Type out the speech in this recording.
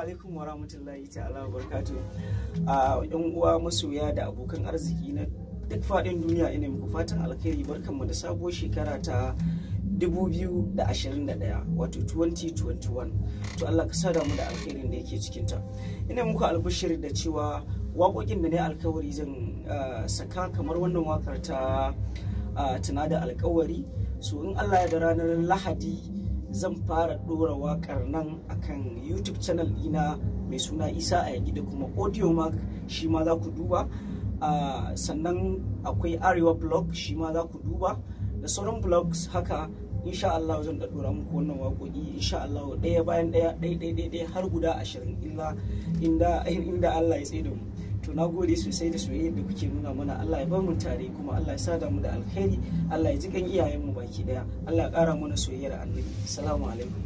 alaikum wa rahmatullahi ta'ala wa barkatu. A ah, yan uwa masoya da abokan arziki na duk faɗin duniya ina muku fatan alkhairi barkanmu da sabuwar shekara ta 2021 wato 2021 to Allah ka sa damu da alkhairin da yake cikinta ina muku albishir da cewa waƙoƙin da na alkawari zan ah, saka kamar wannan wakar ta ah, tana da alkawari so in Allah ya da ranar lahadi zan fara ɗora waƙar nan akan youtube channel ina mai suna isa a yagi da kuma audio mark shi ma za ku duba sannan akwai arewa blog shi ma za ku duba da sauran blogs haka insha Allah zan ɗora muku wannan waƙoƙi insha Allah ɗaya bayan ɗaya ɗaya ɗaya har guda ashirin inda Allah ya tsaye da mu to na gode sosai da soyayyar da kuke nuna mana Allah ya bar mu tare kuma Allah ya sada mu da alkhairi Allah ya ji kan iyayenmu baki daya Allah ya kara mana soyayyar annabi assalamu alaikum